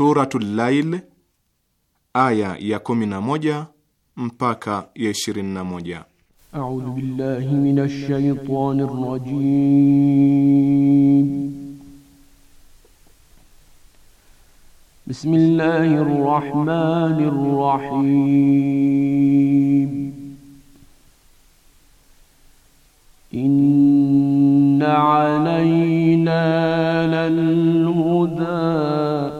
Suratul Lail aya ya kumi 11 mpaka ya 21. A'udhu billahi minash shaitanir rajim. Bismillahir rahmanir rahim. Inna alayna lal huda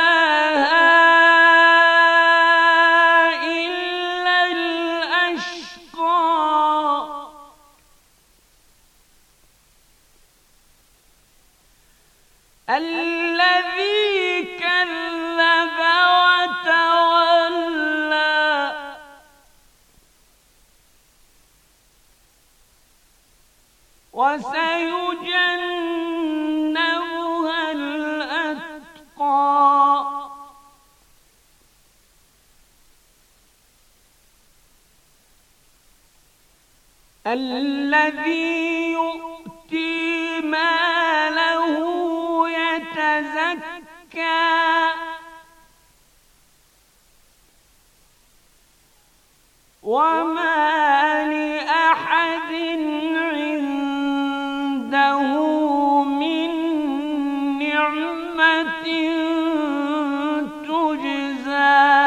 الذي كذب وتولى وسيجنبها الأتقى الذي يؤمن وما لأحد عنده من نعمة تجزى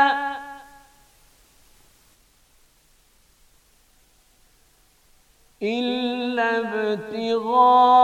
إلا ابتغاء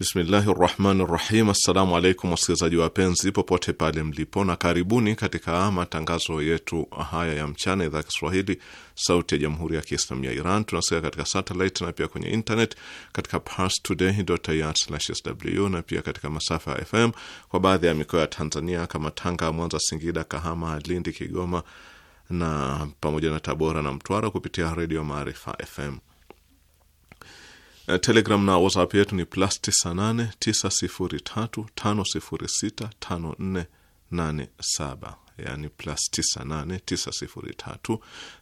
Bismillahi rahmani rahim. Assalamu alaikum wasikilizaji wapenzi popote pale mlipo, na karibuni katika matangazo yetu haya ya mchana, idhaa ya Kiswahili sauti ya jamhuri ya Kiislamu ya Iran. Tunasikia katika satellite na pia kwenye internet katika parstoday.ir/sw na pia katika masafa ya FM kwa baadhi ya mikoa ya Tanzania kama Tanga, Mwanza, Singida, Kahama, Lindi, Kigoma na pamoja na Tabora na Mtwara kupitia redio Maarifa FM. Eh, Telegram na WhatsApp yetu ni plus 989035065487, yani plus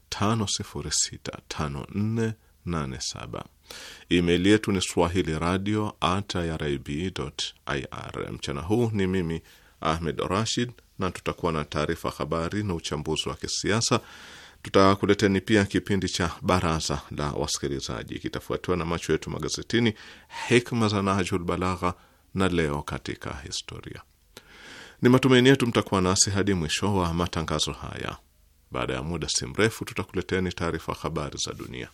989035065487. Email yetu ni swahili radio at irib.ir. Mchana huu ni mimi Ahmed Rashid, na tutakuwa na taarifa habari na uchambuzi wa kisiasa Tutakuleteni pia kipindi cha baraza la wasikilizaji, kitafuatiwa na macho yetu magazetini, hikma za Nahjul Balagha na leo katika historia. Ni matumaini yetu mtakuwa nasi hadi mwisho wa matangazo haya. Baada ya muda si mrefu, tutakuleteni taarifa habari za dunia.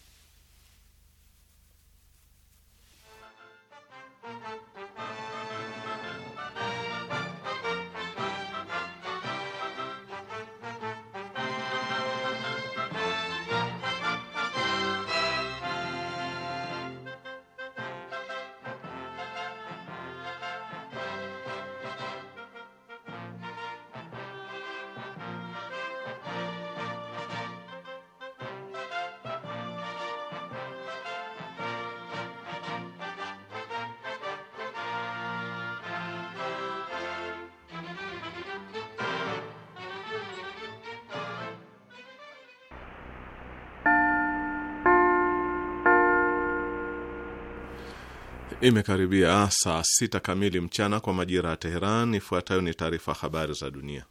Imekaribia saa sita kamili mchana kwa majira ya Teheran. Ifuatayo ni taarifa habari za dunia.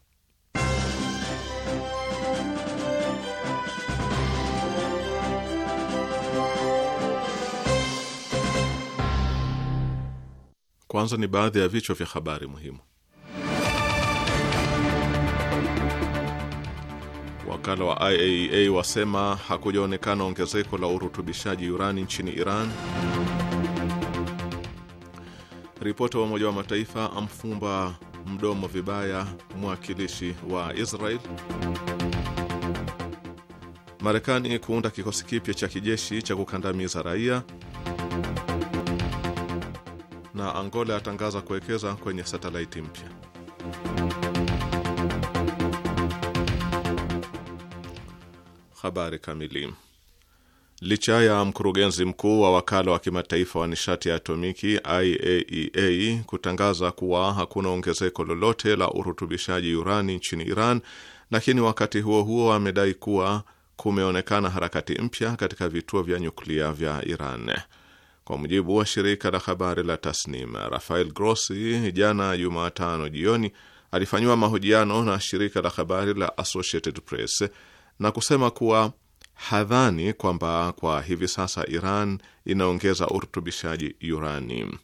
Kwanza ni baadhi ya vichwa vya habari muhimu. Wakala wa IAEA e wasema hakujaonekana ongezeko la urutubishaji urani nchini Iran ripoto wa Umoja wa Mataifa amfumba mdomo vibaya mwakilishi wa Israel. Marekani kuunda kikosi kipya cha kijeshi cha kukandamiza raia, na Angola atangaza kuwekeza kwenye satelaiti mpya. Habari kamili licha ya mkurugenzi mkuu wa wakala wa kimataifa wa nishati ya atomiki IAEA e kutangaza kuwa hakuna ongezeko lolote la urutubishaji urani nchini Iran, lakini wakati huo huo amedai kuwa kumeonekana harakati mpya katika vituo vya nyuklia vya Iran. Kwa mujibu wa shirika la habari la Tasnim, Rafael Grossi jana Jumatano jioni alifanyiwa mahojiano na shirika la habari la Associated Press na kusema kuwa hadhani kwamba kwa hivi sasa Iran inaongeza urutubishaji urani.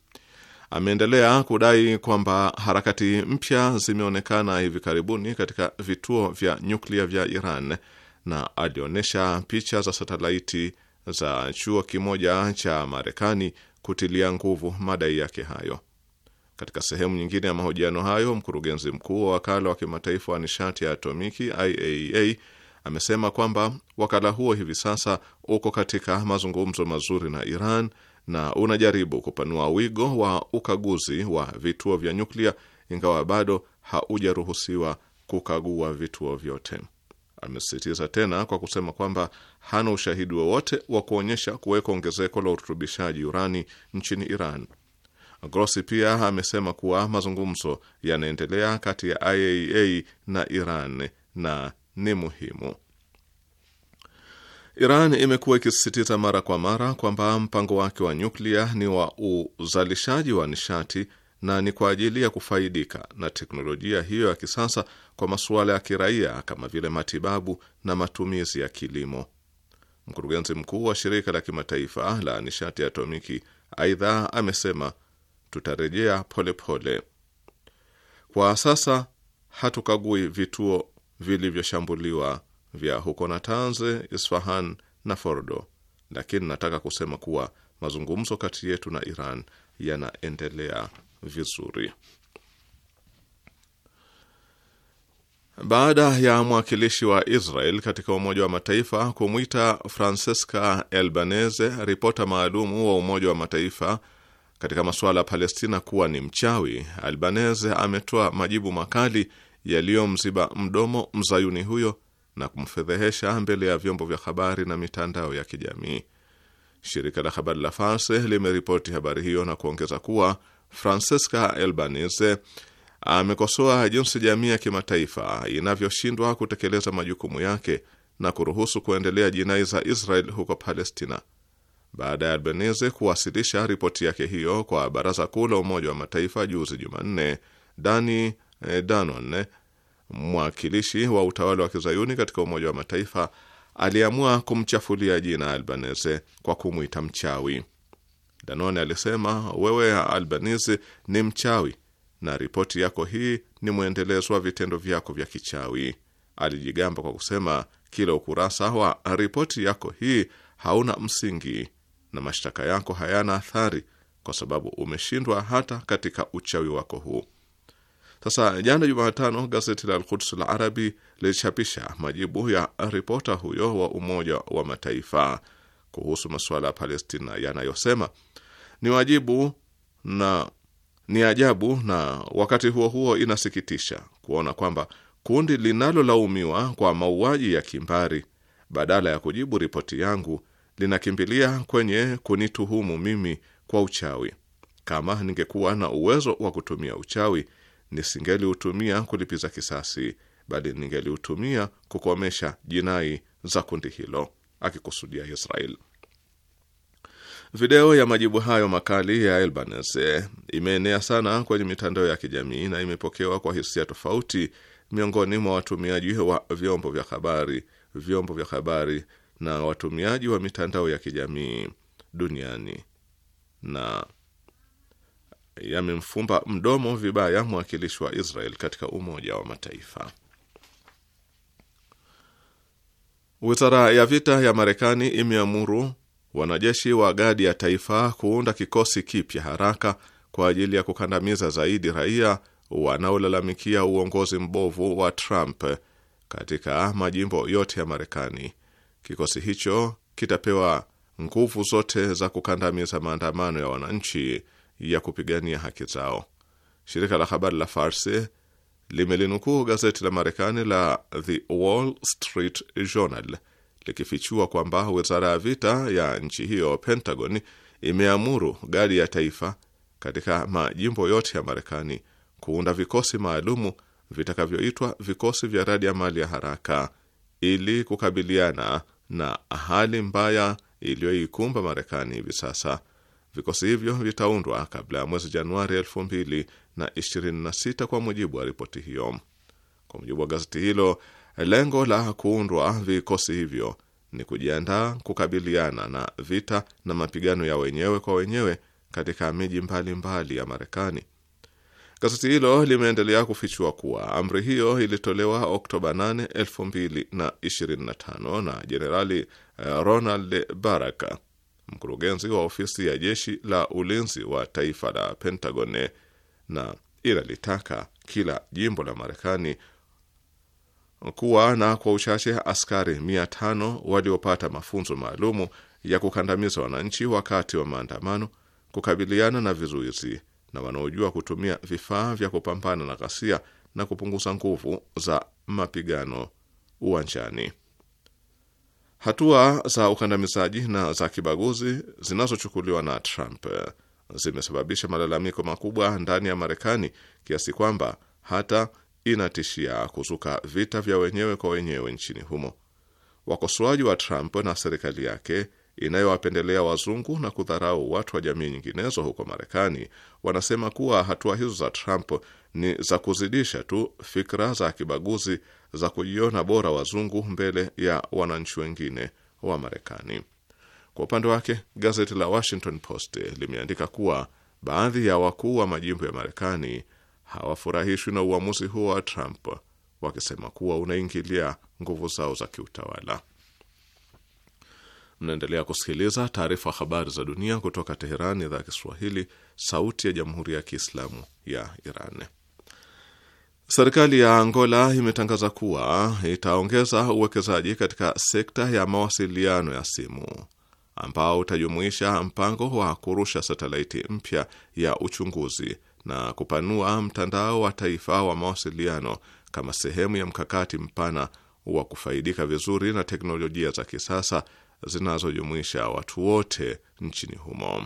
Ameendelea kudai kwamba harakati mpya zimeonekana hivi karibuni katika vituo vya nyuklia vya Iran na alionyesha picha za satelaiti za chuo kimoja cha Marekani kutilia nguvu madai yake hayo. Katika sehemu nyingine ya mahojiano hayo, mkurugenzi mkuu wa wakala wa kimataifa wa nishati ya atomiki IAEA e amesema kwamba wakala huo hivi sasa uko katika mazungumzo mazuri na Iran na unajaribu kupanua wigo wa ukaguzi wa vituo vya nyuklia, ingawa bado haujaruhusiwa kukagua vituo vyote. Amesisitiza tena kwa kusema kwamba hana ushahidi wowote wa kuonyesha kuweka ongezeko la urutubishaji urani nchini Iran. Grossi pia amesema kuwa mazungumzo yanaendelea kati ya IAEA e na Iran na ni muhimu. Iran imekuwa ikisisitiza mara kwa mara kwamba mpango wake wa nyuklia ni wa uzalishaji wa nishati na ni kwa ajili ya kufaidika na teknolojia hiyo ya kisasa kwa masuala ya kiraia kama vile matibabu na matumizi ya kilimo. Mkurugenzi mkuu wa shirika la kimataifa la nishati ya atomiki aidha amesema, tutarejea polepole pole. Kwa sasa hatukagui vituo vilivyoshambuliwa vya huko Natanz, Isfahan na Fordo, lakini nataka kusema kuwa mazungumzo kati yetu na Iran yanaendelea vizuri. Baada ya mwakilishi wa Israel katika Umoja wa Mataifa kumwita Francesca Albanese, ripota maalumu wa Umoja wa Mataifa katika masuala ya Palestina, kuwa ni mchawi, Albanese ametoa majibu makali yaliyomziba mdomo mzayuni huyo na kumfedhehesha mbele ya vyombo vya habari na mitandao ya kijamii. Shirika la habari la France limeripoti habari hiyo na kuongeza kuwa Francesca Albanese amekosoa jinsi jamii ya kimataifa inavyoshindwa kutekeleza majukumu yake na kuruhusu kuendelea jinai za Israel huko Palestina. Baada ya Albanese kuwasilisha ripoti yake hiyo kwa Baraza Kuu la Umoja wa Mataifa juzi Jumanne, Dani Eh, Danon, eh, mwakilishi wa utawala wa kizayuni katika Umoja wa Mataifa, aliamua kumchafulia jina Albanese kwa kumwita mchawi. Danon alisema, wewe Albanese ni mchawi na ripoti yako hii ni mwendelezo wa vitendo vyako vya kichawi. Alijigamba kwa kusema kila ukurasa wa ripoti yako hii hauna msingi na mashtaka yako hayana athari, kwa sababu umeshindwa hata katika uchawi wako huu. Sasa jana Jumatano, gazeti la al la Arabi lilichapisha majibu ya ripota huyo wa Umoja wa Mataifa kuhusu masuala ya Palestina yanayosema ni wajibu na ni ajabu na wakati huo huo inasikitisha kuona kwamba kundi linalolaumiwa kwa mauaji ya kimbari badala ya kujibu ripoti yangu linakimbilia kwenye kunituhumu mimi kwa uchawi. Kama ningekuwa na uwezo wa kutumia uchawi nisingeliutumia kulipiza kisasi, bali ningeliutumia kukomesha jinai za kundi hilo, akikusudia Israel. Video ya majibu hayo makali ya Elbanes imeenea sana kwenye mitandao ya kijamii na imepokewa kwa hisia tofauti miongoni mwa watumiaji wa vyombo vya habari, vyombo vya habari na watumiaji wa mitandao ya kijamii duniani na yamemfumba mdomo vibaya mwakilishi wa Israel katika Umoja wa Mataifa. Wizara ya vita ya Marekani imeamuru wanajeshi wa gadi ya taifa kuunda kikosi kipya haraka kwa ajili ya kukandamiza zaidi raia wanaolalamikia uongozi mbovu wa Trump katika majimbo yote ya Marekani. Kikosi hicho kitapewa nguvu zote za kukandamiza maandamano ya wananchi ya kupigania haki zao. Shirika la habari la Farsi limelinukuu gazeti la Marekani la The Wall Street Journal likifichua kwamba wizara ya vita ya nchi hiyo Pentagon imeamuru gari ya taifa katika majimbo yote ya Marekani kuunda vikosi maalumu vitakavyoitwa vikosi vya radi ya mali ya haraka ili kukabiliana na hali mbaya iliyoikumba Marekani hivi sasa. Vikosi hivyo vitaundwa kabla ya mwezi Januari 226 kwa mujibu wa ripoti hiyo. Kwa mujibu wa gazeti hilo, lengo la kuundwa vikosi hivyo ni kujiandaa kukabiliana na vita na mapigano ya wenyewe kwa wenyewe katika miji mbalimbali ya Marekani. Gazeti hilo limeendelea kufichua kuwa amri hiyo ilitolewa Oktoba 8, 2025 na Jenerali eh, Ronald Baraka mkurugenzi wa ofisi ya jeshi la ulinzi wa taifa la Pentagon, na inalitaka kila jimbo la Marekani kuwa na kwa uchache askari mia tano waliopata mafunzo maalumu ya kukandamiza wananchi wakati wa maandamano, kukabiliana na vizuizi na wanaojua kutumia vifaa vya kupambana na ghasia na kupunguza nguvu za mapigano uwanjani. Hatua za ukandamizaji na za kibaguzi zinazochukuliwa na Trump zimesababisha malalamiko makubwa ndani ya Marekani kiasi kwamba hata inatishia kuzuka vita vya wenyewe kwa wenyewe nchini humo. Wakosoaji wa Trump na serikali yake inayowapendelea wazungu na kudharau watu wa jamii nyinginezo huko Marekani wanasema kuwa hatua hizo za Trump ni za kuzidisha tu fikra za kibaguzi za kujiona bora wazungu mbele ya wananchi wengine wa Marekani. Kwa upande wake, gazeti la Washington Post limeandika kuwa baadhi ya wakuu wa majimbo ya Marekani hawafurahishwi na uamuzi huo wa Trump, wakisema kuwa unaingilia nguvu zao za kiutawala. Mnaendelea kusikiliza taarifa habari za dunia kutoka Teherani, idhaa ya Kiswahili, sauti ya jamhuri ya kiislamu ya Iran. Serikali ya Angola imetangaza kuwa itaongeza uwekezaji katika sekta ya mawasiliano ya simu ambao utajumuisha mpango wa kurusha satelaiti mpya ya uchunguzi na kupanua mtandao wa taifa wa mawasiliano kama sehemu ya mkakati mpana wa kufaidika vizuri na teknolojia za kisasa zinazojumuisha watu wote nchini humo.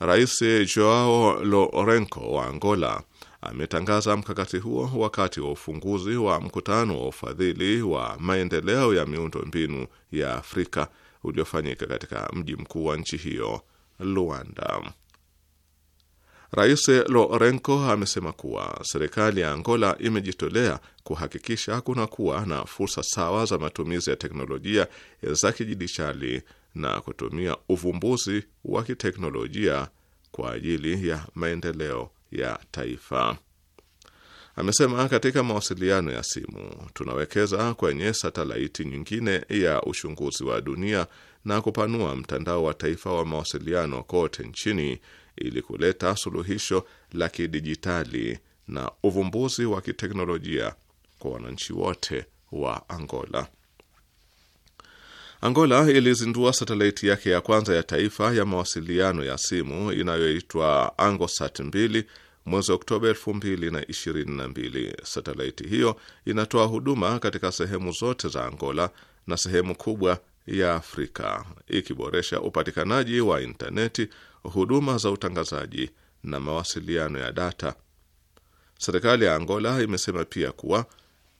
Rais Joao Lourenco wa Angola ametangaza mkakati huo wakati wa ufunguzi wa mkutano wa ufadhili wa maendeleo ya miundo mbinu ya Afrika uliofanyika katika mji mkuu wa nchi hiyo Luanda. Rais Lourenco amesema kuwa serikali ya Angola imejitolea kuhakikisha kuna kuwa na fursa sawa za matumizi ya teknolojia za kidijitali na kutumia uvumbuzi wa kiteknolojia kwa ajili ya maendeleo ya taifa. Amesema katika mawasiliano ya simu tunawekeza kwenye satelaiti nyingine ya uchunguzi wa dunia na kupanua mtandao wa taifa wa mawasiliano kote nchini ili kuleta suluhisho la kidijitali na uvumbuzi wa kiteknolojia kwa wananchi wote wa Angola. Angola ilizindua satelaiti yake ya kwanza ya taifa ya mawasiliano ya simu inayoitwa Angosat 2 mwezi Oktoba 2022. Satelaiti hiyo inatoa huduma katika sehemu zote za Angola na sehemu kubwa ya Afrika, ikiboresha upatikanaji wa intaneti huduma za utangazaji na mawasiliano ya data. Serikali ya Angola imesema pia kuwa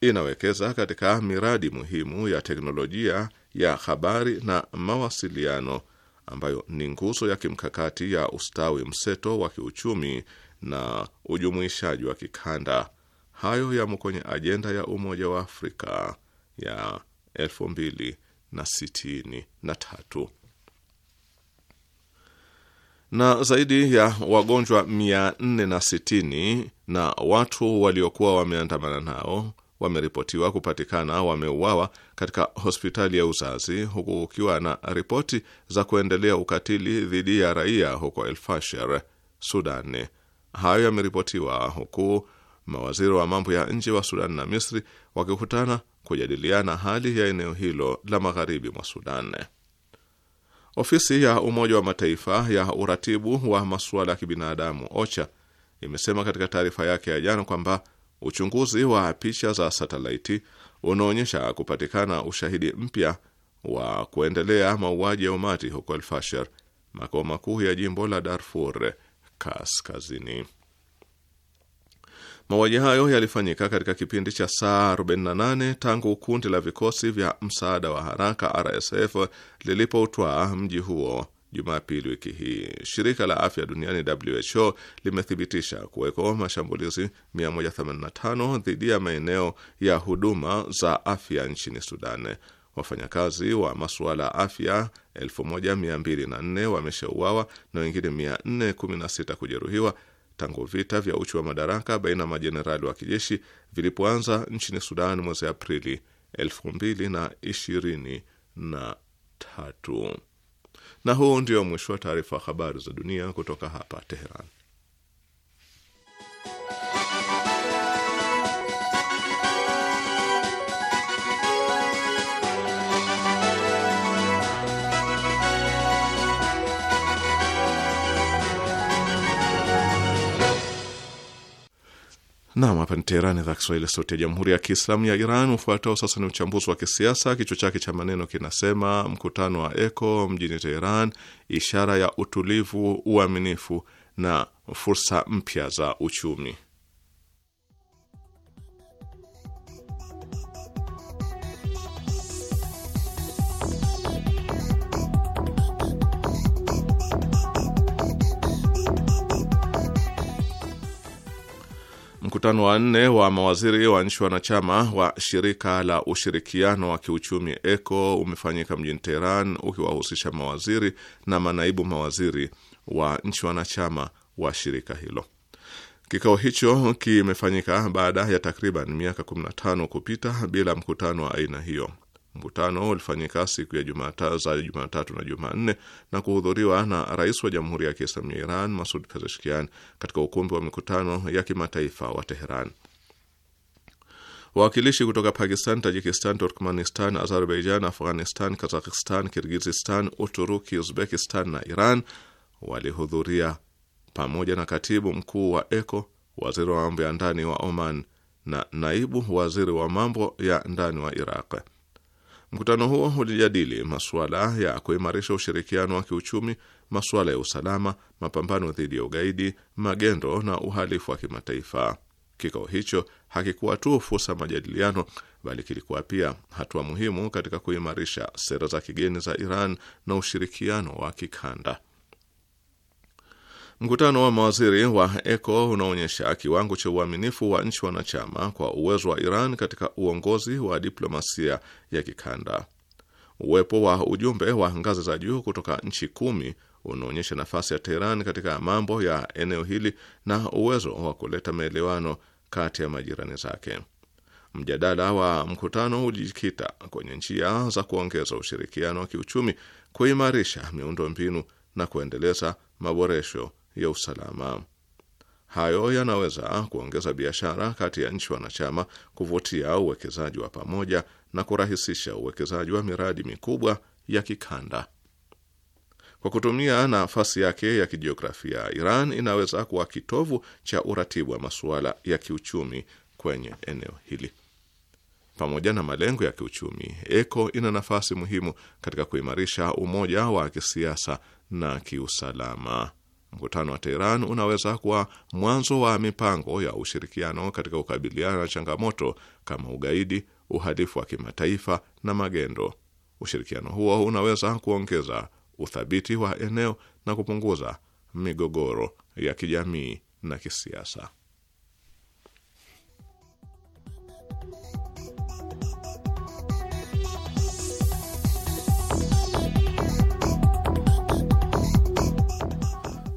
inawekeza katika miradi muhimu ya teknolojia ya habari na mawasiliano ambayo ni nguzo ya kimkakati ya ustawi mseto wa kiuchumi na ujumuishaji wa kikanda. Hayo yamo kwenye ajenda ya Umoja wa Afrika ya elfu mbili na sitini na tatu na zaidi ya wagonjwa 460 na watu waliokuwa wameandamana nao wameripotiwa kupatikana wameuawa katika hospitali ya uzazi huku kukiwa na ripoti za kuendelea ukatili dhidi ya raia huko El Fasher, Sudan. Hayo yameripotiwa huku mawaziri wa mambo ya nje wa Sudan na Misri wakikutana kujadiliana hali ya eneo hilo la magharibi mwa Sudan. Ofisi ya Umoja wa Mataifa ya uratibu wa masuala ya kibinadamu OCHA imesema katika taarifa yake ya jana kwamba uchunguzi wa picha za satelaiti unaonyesha kupatikana ushahidi mpya wa kuendelea mauaji ya umati huko Al Fasher, makao makuu ya jimbo la Darfur Kaskazini. Mauaji hayo yalifanyika katika kipindi cha saa 48 tangu kundi la vikosi vya msaada wa haraka RSF lilipoutwaa mji huo Jumapili wiki hii. Shirika la afya duniani WHO limethibitisha kuweko mashambulizi 185 dhidi ya maeneo ya huduma za afya nchini Sudan. Wafanyakazi wa masuala ya afya 1204 wameshauawa na wengine 416 kujeruhiwa tangu vita vya uchu wa madaraka baina ya majenerali wa kijeshi vilipoanza nchini Sudan mwezi Aprili 2023. Na, na huu ndio mwisho wa taarifa habari za dunia kutoka hapa Teheran. Nam, hapa ni Teherani, idhaa Kiswahili, sauti ya jamhuri ya kiislamu ya Iran. Ufuatao sasa ni uchambuzi wa kisiasa, kichwa chake cha maneno kinasema: mkutano wa ECO mjini Teheran, ishara ya utulivu, uaminifu na fursa mpya za uchumi. mkutano wa nne wa mawaziri wa nchi wanachama wa shirika la ushirikiano wa kiuchumi ECO umefanyika mjini Teheran, ukiwahusisha mawaziri na manaibu mawaziri wa nchi wanachama wa shirika hilo. Kikao hicho kimefanyika baada ya takriban miaka 15 kupita bila mkutano wa aina hiyo. Mkutano ulifanyika siku ya Jumatatu za Jumatatu na Jumanne na kuhudhuriwa na rais wa Jamhuri ya Kiislamu ya Iran Masud Pezeshkian katika ukumbi wa mikutano ya kimataifa wa Teheran. Wawakilishi kutoka Pakistan, Tajikistan, Turkmanistan, Azerbaijan, Afghanistan, Kazakhstan, Kirgizistan, Uturuki, Uzbekistan na Iran walihudhuria pamoja na katibu mkuu wa ECO, waziri wa mambo ya ndani wa Oman na naibu waziri wa mambo ya ndani wa Iraq. Mkutano huo ulijadili masuala ya kuimarisha ushirikiano wa kiuchumi, masuala ya usalama, mapambano dhidi ya ugaidi, magendo na uhalifu wa kimataifa. Kikao hicho hakikuwa tu fursa majadiliano, bali kilikuwa pia hatua muhimu katika kuimarisha sera za kigeni za Iran na ushirikiano wa kikanda. Mkutano wa mawaziri wa ECO unaonyesha kiwango cha uaminifu wa nchi wanachama kwa uwezo wa Iran katika uongozi wa diplomasia ya kikanda. Uwepo wa ujumbe wa ngazi za juu kutoka nchi kumi unaonyesha nafasi ya Teheran katika mambo ya eneo hili na uwezo wa kuleta maelewano kati ya majirani zake. Mjadala wa mkutano ulijikita kwenye njia za kuongeza ushirikiano wa kiuchumi, kuimarisha miundo mbinu na kuendeleza maboresho ya usalama. Hayo yanaweza kuongeza biashara kati ya nchi wanachama, kuvutia uwekezaji wa pamoja na kurahisisha uwekezaji wa miradi mikubwa ya kikanda. Kwa kutumia nafasi yake ya kijiografia, Iran inaweza kuwa kitovu cha uratibu wa masuala ya kiuchumi kwenye eneo hili. Pamoja na malengo ya kiuchumi, ECO ina nafasi muhimu katika kuimarisha umoja wa kisiasa na kiusalama. Mkutano wa Teheran unaweza kuwa mwanzo wa mipango ya ushirikiano katika kukabiliana na changamoto kama ugaidi, uhalifu wa kimataifa na magendo. Ushirikiano huo unaweza kuongeza uthabiti wa eneo na kupunguza migogoro ya kijamii na kisiasa.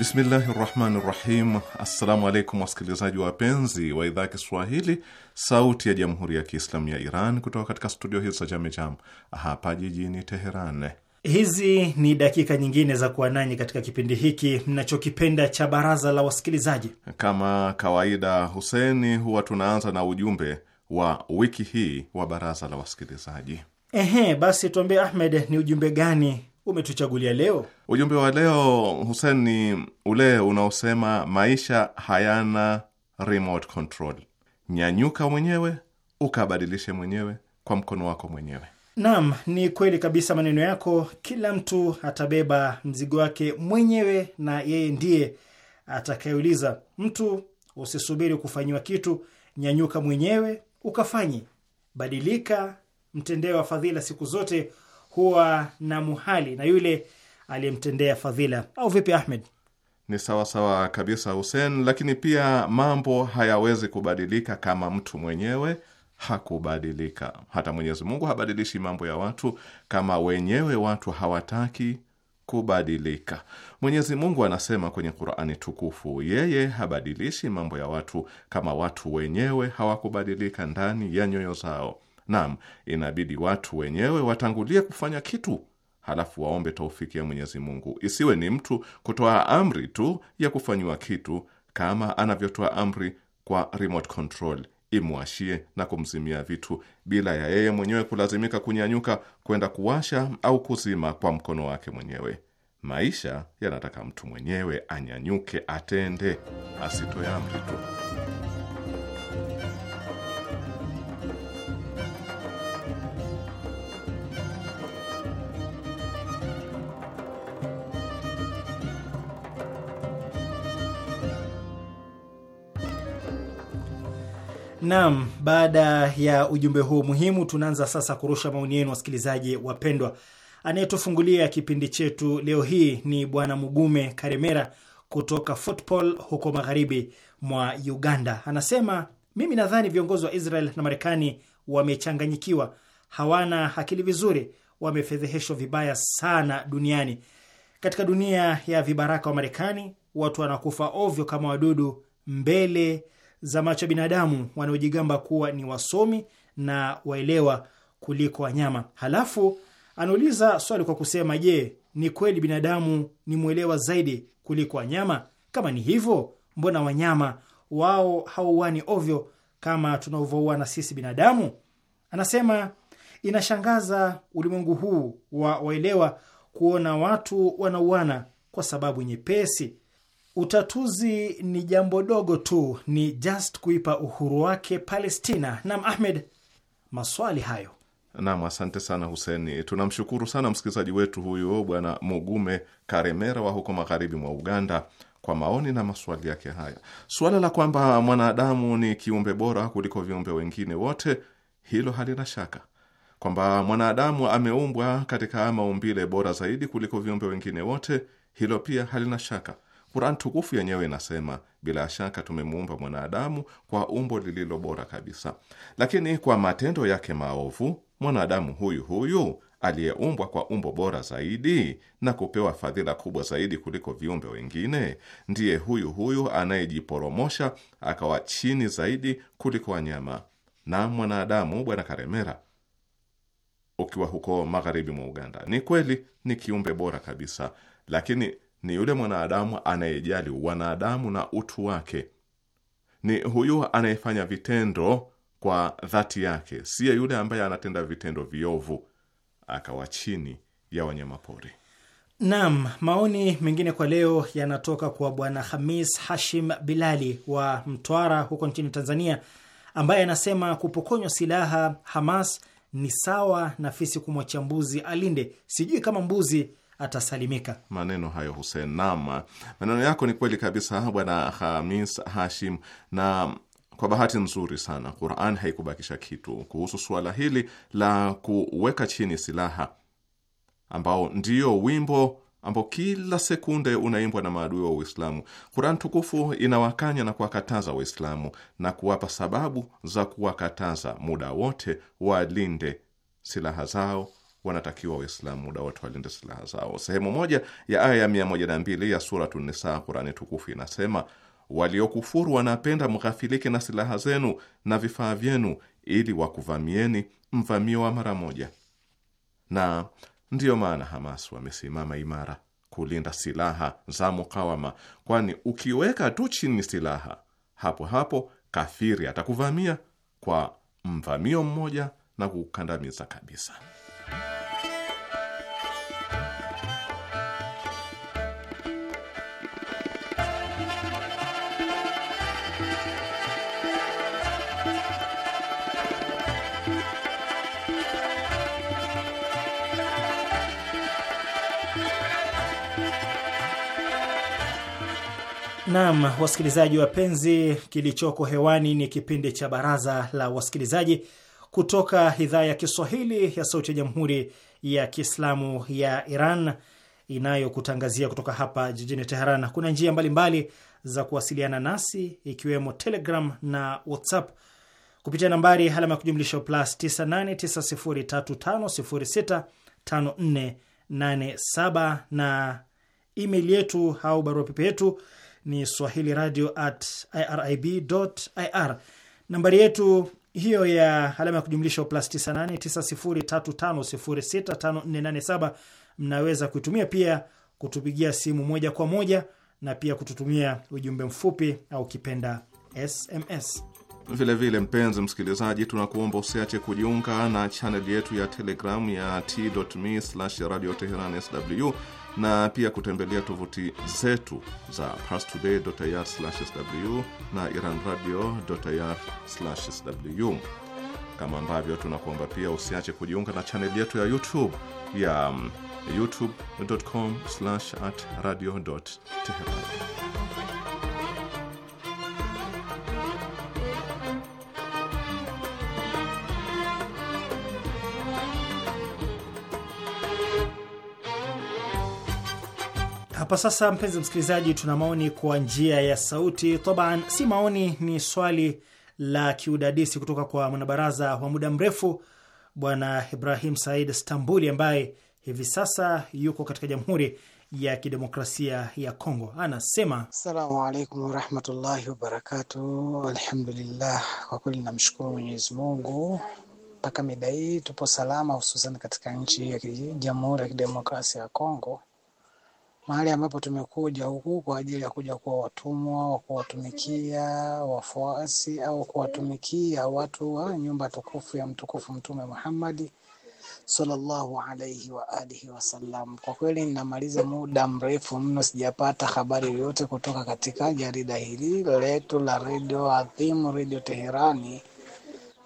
Bismillahi rahmani rahim. Assalamu alaikum wasikilizaji wapenzi wa idhaa ya Kiswahili sauti ya jamhuri ya Kiislamu ya Iran kutoka katika studio hizi za Jamejam hapa jijini Teheran. Hizi ni dakika nyingine za kuwa nanyi katika kipindi hiki mnachokipenda cha baraza la wasikilizaji. Kama kawaida, Huseni, huwa tunaanza na ujumbe wa wiki hii wa baraza la wasikilizaji. Ehe, basi tuambie Ahmed, ni ujumbe gani umetuchagulia leo. Ujumbe wa leo Hussein, ni ule unaosema maisha hayana remote control. Nyanyuka mwenyewe ukabadilishe mwenyewe kwa mkono wako mwenyewe. Naam, ni kweli kabisa maneno yako. Kila mtu atabeba mzigo wake mwenyewe na yeye ndiye atakayeuliza. Mtu usisubiri kufanyiwa kitu, nyanyuka mwenyewe ukafanye. Badilika, mtendee wa fadhila siku zote huwa na muhali na yule aliyemtendea fadhila, au vipi Ahmed? Ni sawa sawa kabisa Hussein, lakini pia mambo hayawezi kubadilika kama mtu mwenyewe hakubadilika. Hata Mwenyezi Mungu habadilishi mambo ya watu kama wenyewe watu hawataki kubadilika. Mwenyezi Mungu anasema kwenye Qur'ani tukufu, yeye habadilishi mambo ya watu kama watu wenyewe hawakubadilika ndani ya nyoyo zao. Naam, inabidi watu wenyewe watangulie kufanya kitu, halafu waombe taufiki ya Mwenyezi Mungu. Isiwe ni mtu kutoa amri tu ya kufanyiwa kitu, kama anavyotoa amri kwa remote control imwashie na kumzimia vitu bila ya yeye mwenyewe kulazimika kunyanyuka kwenda kuwasha au kuzima kwa mkono wake mwenyewe. Maisha yanataka mtu mwenyewe anyanyuke, atende, asitoe amri tu. Naam, baada ya ujumbe huo muhimu, tunaanza sasa kurusha maoni yenu, wasikilizaji wapendwa. Anayetufungulia kipindi chetu leo hii ni Bwana Mugume Karemera kutoka Football huko magharibi mwa Uganda. Anasema, mimi nadhani viongozi wa Israel na Marekani wamechanganyikiwa, hawana akili vizuri, wamefedheheshwa vibaya sana duniani. Katika dunia ya vibaraka wa Marekani watu wanakufa ovyo kama wadudu mbele za macho ya binadamu wanaojigamba kuwa ni wasomi na waelewa kuliko wanyama. Halafu anauliza swali kwa kusema, je, ni kweli binadamu ni mwelewa zaidi kuliko wanyama? Kama ni hivyo, mbona wanyama wao hauani ovyo kama na sisi binadamu? Anasema inashangaza ulimwengu huu wa waelewa kuona watu wanauana kwa sababu nyepesi. Utatuzi ni jambo dogo tu, ni just kuipa uhuru wake Palestina. Naam Ahmed, maswali hayo. Naam, asante sana Huseni. Tunamshukuru sana msikilizaji wetu huyu Bwana Mugume Karemera wa huko magharibi mwa Uganda kwa maoni na maswali yake haya. Suala la kwamba mwanadamu ni kiumbe bora kuliko viumbe wengine wote, hilo halina shaka kwamba mwanadamu ameumbwa katika maumbile bora zaidi kuliko viumbe wengine wote, hilo pia halina shaka. Quran tukufu yenyewe inasema, bila shaka tumemuumba mwanadamu kwa umbo lililo bora kabisa, lakini kwa matendo yake maovu mwanadamu huyu huyu aliyeumbwa kwa umbo bora zaidi na kupewa fadhila kubwa zaidi kuliko viumbe wengine, ndiye huyu huyu anayejiporomosha akawa chini zaidi kuliko wanyama na mwanadamu. Bwana Karemera, ukiwa huko magharibi mwa Uganda, ni kweli ni kiumbe bora kabisa, lakini ni yule mwanadamu anayejali wanadamu na utu wake. Ni huyu anayefanya vitendo kwa dhati yake, siye yule ambaye anatenda vitendo viovu akawa chini ya wanyamapori. Naam, maoni mengine kwa leo yanatoka kwa Bwana Hamis Hashim Bilali wa Mtwara huko nchini Tanzania, ambaye anasema kupokonywa silaha Hamas ni sawa na fisi kumwachia mbuzi alinde. Sijui kama mbuzi atasalimika. Maneno hayo Hussein, nam, maneno yako ni kweli kabisa bwana Hamis Hashim, na kwa bahati nzuri sana Quran haikubakisha kitu kuhusu suala hili la kuweka chini silaha, ambao ndio wimbo ambao kila sekunde unaimbwa na maadui wa Uislamu. Quran tukufu inawakanya na kuwakataza Waislamu na kuwapa sababu za kuwakataza muda wote walinde silaha zao wanatakiwa Waislamu muda wote walinde silaha zao. Sehemu moja ya aya ya mia moja na mbili ya Suratu Nisa, Kurani tukufu inasema waliokufuru wanapenda mghafilike na silaha zenu na vifaa vyenu, ili wakuvamieni mvamio wa mara moja. Na ndiyo maana Hamas wamesimama imara kulinda silaha za mukawama, kwani ukiweka tu chini silaha, hapo hapo kafiri atakuvamia kwa mvamio mmoja na kukandamiza kabisa. Nam, wasikilizaji wapenzi, kilichoko hewani ni kipindi cha Baraza la Wasikilizaji kutoka idhaa ya Kiswahili ya Sauti ya Jamhuri ya Kiislamu ya Iran inayokutangazia kutoka hapa jijini Teheran. Kuna njia mbalimbali mbali za kuwasiliana nasi ikiwemo Telegram na WhatsApp kupitia nambari alama ya kujumlisha plus 989035065487 na email yetu au barua pepe yetu ni swahili radio at irib ir. Nambari yetu hiyo ya alama ya kujumlisha plus 989035065487 mnaweza kuitumia pia kutupigia simu moja kwa moja na pia kututumia ujumbe mfupi au kipenda SMS. Vilevile vile, mpenzi msikilizaji, tunakuomba usiache kujiunga na chaneli yetu ya Telegram ya t.me/radio teheran sw na pia kutembelea tovuti zetu za parstoday.ir/sw na iranradio.ir/sw, kama ambavyo tunakuomba pia usiache kujiunga na chaneli yetu ya YouTube ya um, youtubecom radiotehran Hapa sasa, mpenzi msikilizaji, tuna maoni kwa njia ya sauti taban, si maoni, ni swali la kiudadisi kutoka kwa mwanabaraza wa muda mrefu Bwana Ibrahim Said Stambuli ambaye hivi sasa yuko katika Jamhuri ya Kidemokrasia ya Kongo. Anasema, assalamu alaikum warahmatullahi wabarakatu. Alhamdulillah, kwa kweli namshukuru Mwenyezi Mungu mpaka mida hii tupo salama, hususan katika nchi ya Jamhuri ya Kidemokrasia ya Kongo mahali ambapo tumekuja huku kwa ajili ya kuja kuwa watumwa wa kuwatumikia wafuasi au kuwatumikia watu wa nyumba tukufu ya mtukufu Mtume Muhammad sallallahu alaihi wa alihi wasallam. Kwa kweli ninamaliza muda mrefu mno, sijapata habari yoyote kutoka katika jarida hili letu la redio adhimu, Redio Teherani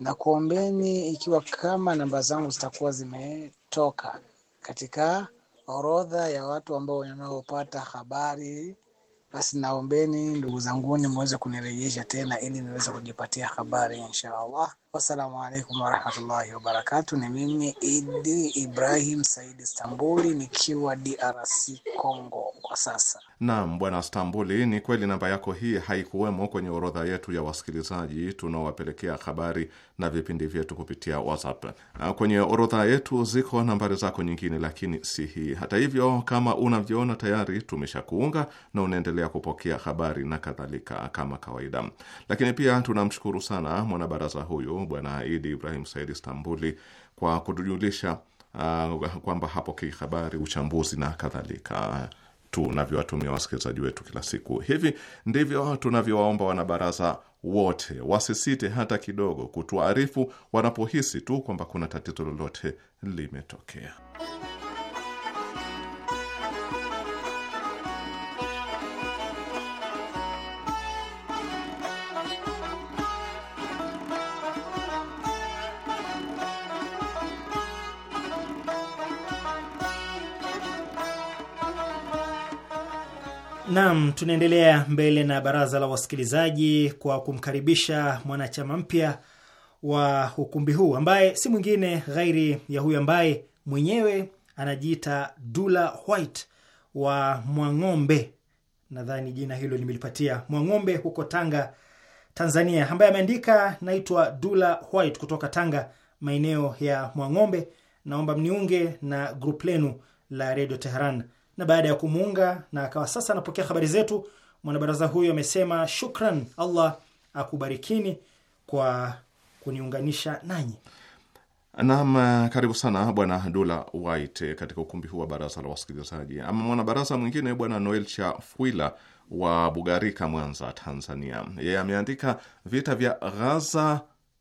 na kuombeni, ikiwa kama namba zangu zitakuwa zimetoka katika orodha ya watu ambao wanaopata habari. Basi naombeni ndugu zanguni muweze kunirejesha tena ili niweze kujipatia habari insha Allah. Wassalamu alaikum warahmatullahi wabarakatu. Ni mimi Idi Ibrahim Said stambuli nikiwa DRC Congo kwa sasa. Naam, Bwana Stambuli, ni kweli namba yako hii haikuwemo kwenye orodha yetu ya wasikilizaji tunaowapelekea habari na vipindi vyetu kupitia WhatsApp. Ah, kwenye orodha yetu ziko nambari zako nyingine, lakini si hii. Hata hivyo, kama unavyoona tayari tumeshakuunga na unaendelea kupokea habari na kadhalika kama kawaida. Lakini pia tunamshukuru sana mwanabaraza huyu Bwana Idi Ibrahim Said Stambuli kwa kutujulisha uh, kwamba hapokei habari, uchambuzi na kadhalika tunavyowatumia wasikilizaji wetu kila siku. Hivi ndivyo tunavyowaomba wanabaraza wote wasisite hata kidogo kutuarifu wanapohisi tu kwamba kuna tatizo lolote limetokea. Naam, tunaendelea mbele na baraza la wasikilizaji kwa kumkaribisha mwanachama mpya wa ukumbi huu ambaye si mwingine ghairi ya huyu ambaye mwenyewe anajiita Dula White wa Mwang'ombe, nadhani jina hilo nimelipatia, Mwang'ombe huko Tanga, Tanzania, ambaye ameandika, naitwa Dula White kutoka Tanga, maeneo ya Mwang'ombe. Naomba mniunge na grup lenu la Redio Teheran na baada ya kumuunga na akawa sasa anapokea habari zetu, mwanabaraza huyo amesema shukran, Allah akubarikini kwa kuniunganisha nanyi. Naam, eh, karibu sana bwana Dula White katika ukumbi huu wa baraza la wasikilizaji. Ama mwanabaraza mwingine bwana Noel Fuila wa Bugarika, Mwanza, Tanzania, yeye ameandika vita vya Ghaza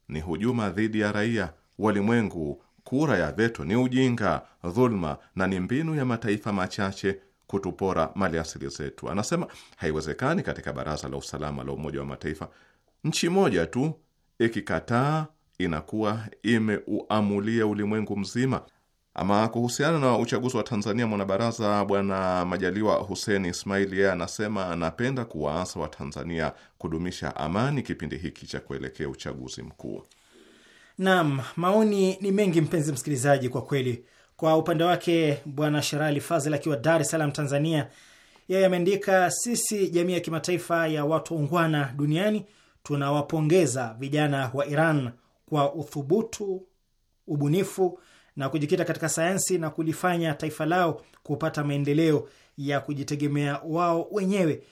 ni hujuma dhidi ya raia walimwengu Kura ya veto ni ujinga, dhuluma na ni mbinu ya mataifa machache kutupora mali asili zetu. Anasema haiwezekani katika Baraza la Usalama la Umoja wa Mataifa nchi moja tu ikikataa inakuwa imeuamulia ulimwengu mzima. Ama kuhusiana na uchaguzi wa Tanzania, mwanabaraza Bwana Majaliwa Hussein Ismail yeye anasema anapenda kuwaasa Watanzania kudumisha amani kipindi hiki cha kuelekea uchaguzi mkuu. Naam, maoni ni mengi mpenzi msikilizaji, kwa kweli. Kwa upande wake Bwana Sherali Fazil akiwa Dar es Salaam, Tanzania, yeye ameandika, sisi jamii ya kimataifa ya watu ungwana duniani tunawapongeza vijana wa Iran kwa uthubutu, ubunifu na kujikita katika sayansi na kulifanya taifa lao kupata maendeleo ya kujitegemea wao wenyewe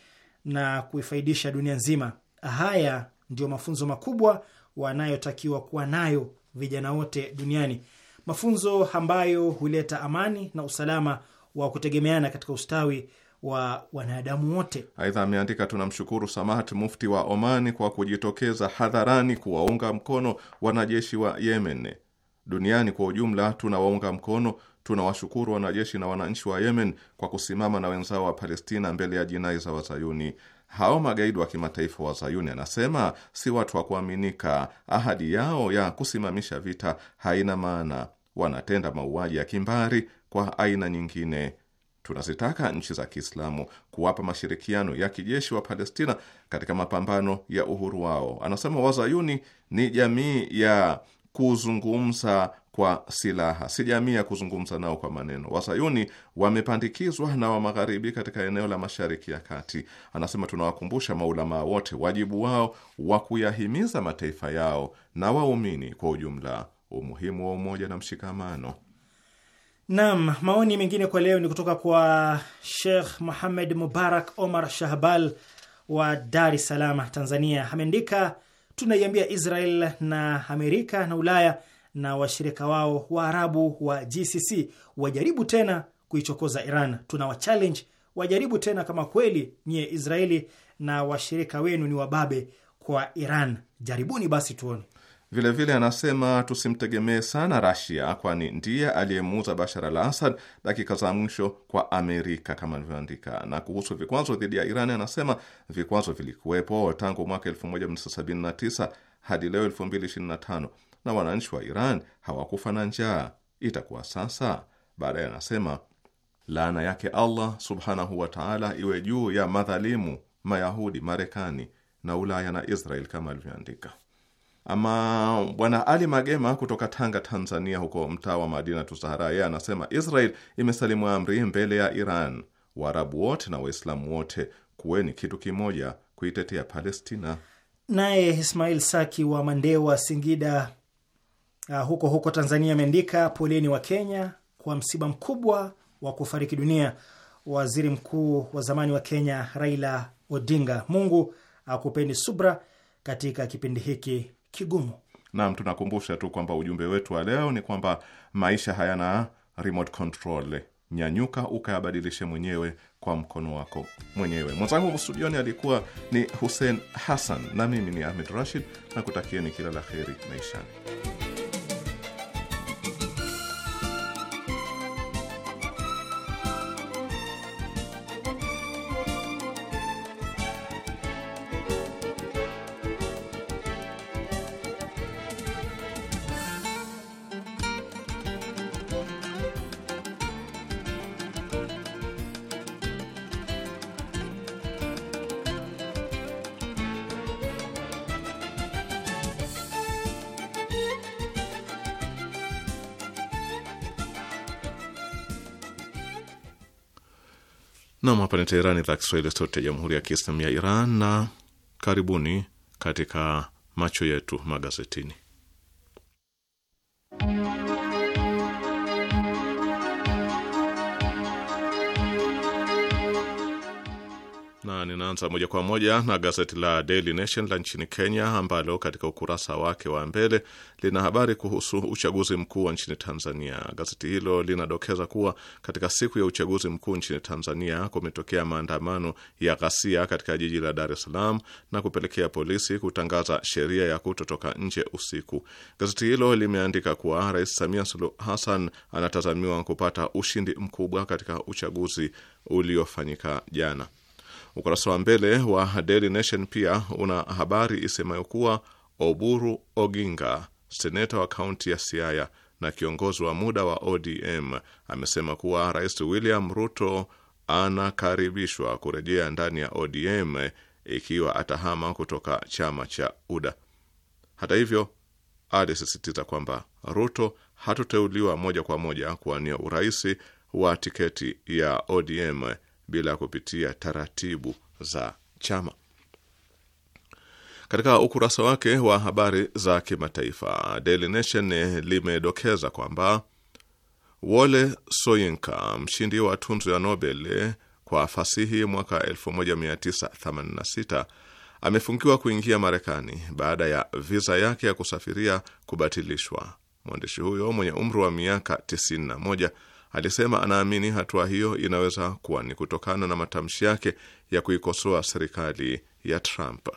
na kuifaidisha dunia nzima. Haya ndiyo mafunzo makubwa wanayotakiwa kuwa nayo vijana wote duniani, mafunzo ambayo huleta amani na usalama wa kutegemeana katika ustawi wa wanadamu wote. Aidha ameandika tunamshukuru Samahat Mufti wa Omani kwa kujitokeza hadharani kuwaunga mkono wanajeshi wa Yemen. Duniani kwa ujumla tunawaunga mkono, tunawashukuru wanajeshi na wananchi wa Yemen kwa kusimama na wenzao wa Palestina mbele ya jinai za Wazayuni hao magaidi wa kimataifa wa Zayuni, anasema si watu wa kuaminika. Ahadi yao ya kusimamisha vita haina maana, wanatenda mauaji ya kimbari kwa aina nyingine. Tunazitaka nchi za Kiislamu kuwapa mashirikiano ya kijeshi wa Palestina katika mapambano ya uhuru wao. Anasema Wazayuni ni jamii ya kuzungumza kwa silaha, si jamii ya kuzungumza nao kwa maneno. Wasayuni wamepandikizwa na wa magharibi katika eneo la mashariki ya kati. Anasema, tunawakumbusha maulamaa wote wajibu wao wa kuyahimiza mataifa yao na waumini kwa ujumla umuhimu wa umoja na mshikamano. Naam, maoni mengine kwa leo ni kutoka kwa Sheikh Muhamed Mubarak Omar Shahbal wa Dar es Salaam, Tanzania. Ameandika, tunaiambia Israel na Amerika na Ulaya na washirika wao wa arabu wa GCC wajaribu tena kuichokoza Iran. Tuna wachallenge wajaribu tena, kama kweli nyie Israeli na washirika wenu ni wababe kwa Iran, jaribuni basi tuone. Vilevile vile anasema tusimtegemee sana Rasia, kwani ndiye aliyemuuza Bashar al Assad dakika za mwisho kwa Amerika kama alivyoandika. Na kuhusu vikwazo dhidi ya Iran anasema vikwazo vilikuwepo tangu mwaka 1979 hadi leo 2025 na wananchi wa Iran hawakufa na njaa, itakuwa sasa? Baadaye anasema laana yake Allah subhanahu wa taala iwe juu ya madhalimu Mayahudi, Marekani na Ulaya na Israel kama alivyoandika. Ama bwana Ali Magema kutoka Tanga, Tanzania, huko mtaa wa Madina Tusahara, yeye anasema Israel imesalimu amri mbele ya Iran. Waarabu wote na Waislamu wote kuweni kitu kimoja kuitetea Palestina. Naye Ismail Saki wa Mandewa, Singida, uh, huko huko Tanzania ameandika poleni wa Kenya kwa msiba mkubwa wa kufariki dunia waziri mkuu wa zamani wa Kenya Raila Odinga. Mungu akupeni subra katika kipindi hiki kigumu. Naam, tunakumbusha tu kwamba ujumbe wetu wa leo ni kwamba maisha hayana remote control. Nyanyuka ukayabadilishe mwenyewe kwa mkono wako mwenyewe. Mwenzangu studioni alikuwa ni Hussein Hassan na mimi ni Ahmed Rashid, na kutakieni kila la heri maishani. Hapa ni Teheran, idhaa Kiswahili, sauti ya jamhuri ya kiislamu ya Iran. Na karibuni katika macho yetu magazetini. na ninaanza moja kwa moja na gazeti la Daily Nation la nchini Kenya, ambalo katika ukurasa wake wa mbele lina habari kuhusu uchaguzi mkuu wa nchini Tanzania. Gazeti hilo linadokeza kuwa katika siku ya uchaguzi mkuu nchini Tanzania kumetokea maandamano ya ghasia katika jiji la Dar es Salaam na kupelekea polisi kutangaza sheria ya kutotoka nje usiku. Gazeti hilo limeandika kuwa Rais Samia Suluhu Hassan anatazamiwa kupata ushindi mkubwa katika uchaguzi uliofanyika jana. Ukurasa wa mbele wa Daily Nation pia una habari isemayo kuwa Oburu Oginga, seneta wa kaunti ya Siaya na kiongozi wa muda wa ODM, amesema kuwa Rais William Ruto anakaribishwa kurejea ndani ya ODM ikiwa atahama kutoka chama cha UDA. Hata hivyo, alisisitiza kwamba Ruto hatuteuliwa moja kwa moja kuwania urahisi wa tiketi ya ODM bila kupitia taratibu za chama. Katika ukurasa wake wa habari za kimataifa, Daily Nation limedokeza kwamba Wole Soyinka, mshindi wa tunzo ya Nobel kwa fasihi mwaka 1986 amefungiwa kuingia Marekani baada ya viza yake ya kusafiria kubatilishwa. Mwandishi huyo mwenye umri wa miaka 91 Alisema anaamini hatua hiyo inaweza kuwa ni kutokana na matamshi yake ya kuikosoa serikali ya Trump.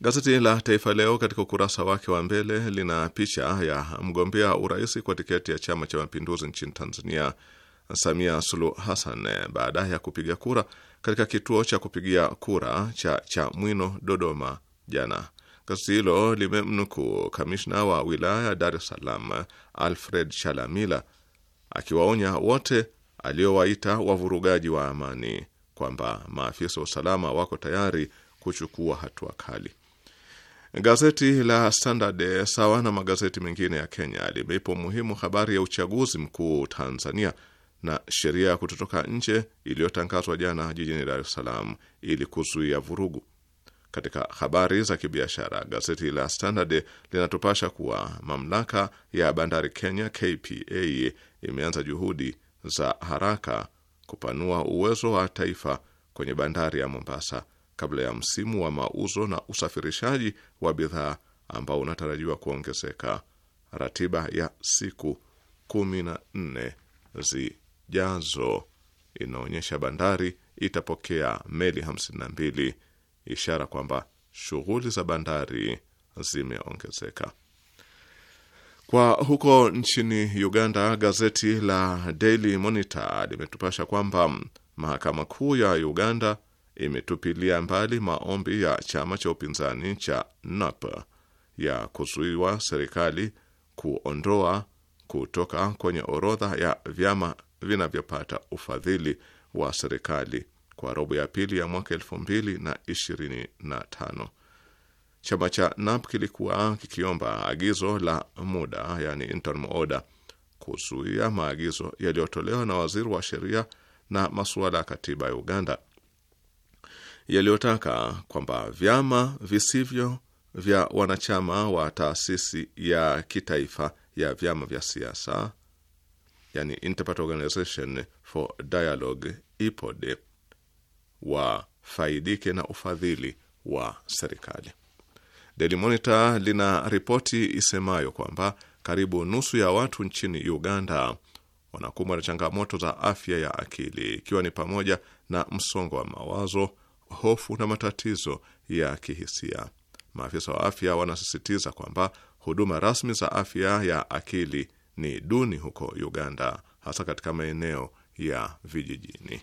Gazeti la Taifa Leo katika ukurasa wake wa mbele lina picha ya mgombea urais kwa tiketi ya Chama cha Mapinduzi nchini Tanzania, Samia Suluhu Hassan, baada ya kupiga kura katika kituo cha kupigia kura cha Chamwino, Dodoma jana. Gazeti hilo limemnukuu kamishna wa wilaya dares Dar es Salaam, Alfred Chalamila, akiwaonya wote aliowaita wavurugaji wa amani kwamba maafisa wa usalama wako tayari kuchukua hatua kali. Gazeti la Standard sawa na magazeti mengine ya Kenya limeipa umuhimu habari ya uchaguzi mkuu Tanzania na sheria ya kutotoka nje iliyotangazwa jana jijini Dar es Salaam ili kuzuia vurugu. Katika habari za kibiashara, gazeti la Standard linatupasha kuwa mamlaka ya bandari Kenya KPA imeanza juhudi za haraka kupanua uwezo wa taifa kwenye bandari ya Mombasa kabla ya msimu wa mauzo na usafirishaji wa bidhaa ambao unatarajiwa kuongezeka ratiba ya siku kumi na nne zijazo inaonyesha bandari itapokea meli 52 ishara kwamba shughuli za bandari zimeongezeka. Kwa huko nchini Uganda, gazeti la Daily Monitor limetupasha kwamba mahakama kuu ya Uganda imetupilia mbali maombi ya chama cha upinzani cha NUP ya kuzuiwa serikali kuondoa kutoka kwenye orodha ya vyama vinavyopata ufadhili wa serikali kwa robo ya pili ya mwaka elfu mbili na ishirini na tano. Chama cha NAP kilikuwa kikiomba agizo la muda, yani interim order, kuzuia maagizo yaliyotolewa na waziri wa sheria na masuala ya katiba ya Uganda yaliyotaka kwamba vyama visivyo vya wanachama wa taasisi ya kitaifa ya vyama vya siasa, yani Interparty Organization for Dialogue IPOD wafaidike na ufadhili wa serikali. Daily Monitor lina ripoti isemayo kwamba karibu nusu ya watu nchini Uganda wanakumbwa na changamoto za afya ya akili ikiwa ni pamoja na msongo wa mawazo, hofu na matatizo ya kihisia. Maafisa wa afya wanasisitiza kwamba huduma rasmi za afya ya akili ni duni huko Uganda, hasa katika maeneo ya vijijini.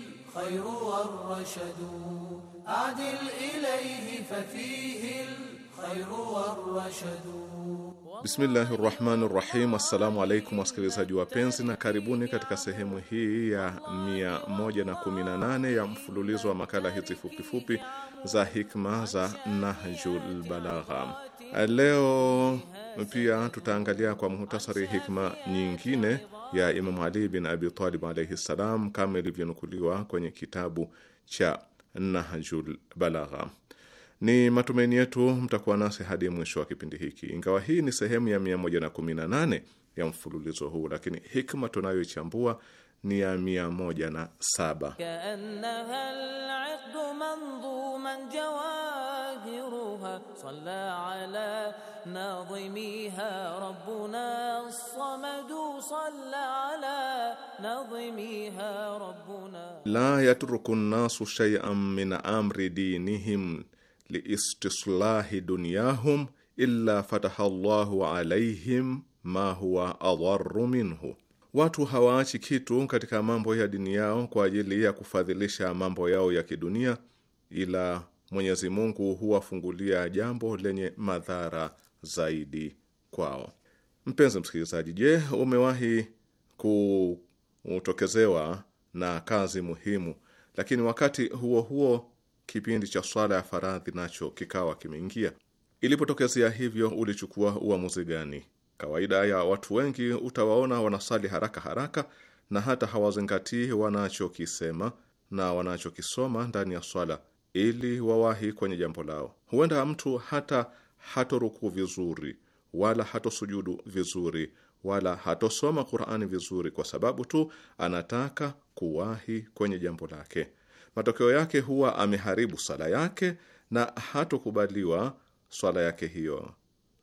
خير والرشد أعدل إليه ففيه الخير والرشد Bismillahi rahmani rahim. Assalamu alaikum wasikilizaji wapenzi, na karibuni katika sehemu hii ya 118 ya mfululizo wa makala hizi fupifupi za hikma za Nahjul Balagha. Leo pia tutaangalia kwa muhtasari hikma nyingine ya Imamu Ali bin Abi Talib alaihi ssalam, kama ilivyonukuliwa kwenye kitabu cha Nahjul Balagha. Ni matumaini yetu mtakuwa nasi hadi mwisho wa kipindi hiki. Ingawa hii ni sehemu ya 118 ya mfululizo huu, lakini hikma tunayoichambua ni ya mia moja na saba. La yatruku nnasu shay'an min amri dinihim liistislahi dunyahum illa fataha Allahu alayhim ma huwa adharru minhu Watu hawaachi kitu katika mambo ya dini yao kwa ajili ya kufadhilisha mambo yao ya kidunia, ila Mwenyezi Mungu huwafungulia jambo lenye madhara zaidi kwao. Mpenzi msikilizaji, je, umewahi kutokezewa na kazi muhimu, lakini wakati huo huo kipindi cha swala ya faradhi nacho kikawa kimeingia? Ilipotokezea hivyo, ulichukua uamuzi gani? Kawaida ya watu wengi utawaona wanasali haraka haraka na hata hawazingatii wanachokisema na wanachokisoma ndani ya swala ili wawahi kwenye jambo lao. Huenda mtu hata hatorukuu vizuri wala hatosujudu vizuri wala hatosoma Qur'ani vizuri kwa sababu tu anataka kuwahi kwenye jambo lake. Matokeo yake huwa ameharibu sala yake na hatokubaliwa swala yake hiyo.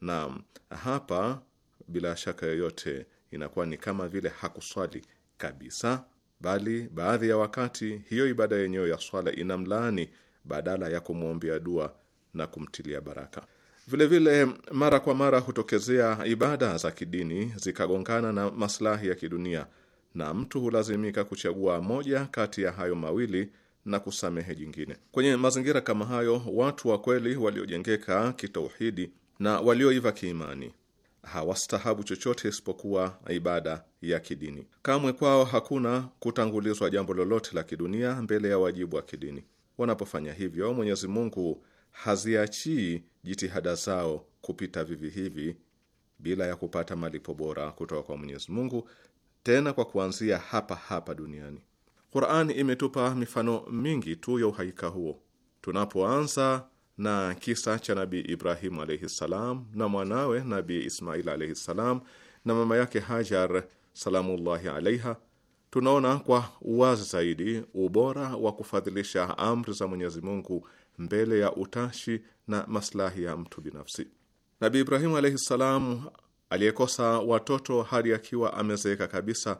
Naam, hapa bila shaka yoyote inakuwa ni kama vile hakuswali kabisa, bali baadhi ya wakati hiyo ibada yenyewe ya swala inamlaani badala ya kumwombea dua na kumtilia baraka. Vilevile vile, mara kwa mara hutokezea ibada za kidini zikagongana na maslahi ya kidunia na mtu hulazimika kuchagua moja kati ya hayo mawili na kusamehe jingine. Kwenye mazingira kama hayo, watu wa kweli waliojengeka kitauhidi na walioiva kiimani hawastahabu chochote isipokuwa ibada ya kidini. Kamwe kwao hakuna kutangulizwa jambo lolote la kidunia mbele ya wajibu wa kidini. Wanapofanya hivyo, Mwenyezi Mungu haziachii jitihada zao kupita vivi hivi bila ya kupata malipo bora kutoka kwa Mwenyezi Mungu, tena kwa kuanzia hapa hapa duniani. Qur'an imetupa mifano mingi tu ya uhakika huo. Tunapoanza na kisa cha Nabii Ibrahimu alaihi ssalam na mwanawe Nabii Ismail alaihi ssalam na mama yake Hajar salamullahi alaiha, tunaona kwa uwazi zaidi ubora wa kufadhilisha amri za Mwenyezi Mungu mbele ya utashi na maslahi ya mtu binafsi. Nabii Ibrahimu alaihi ssalam aliyekosa watoto hadi akiwa amezeeka kabisa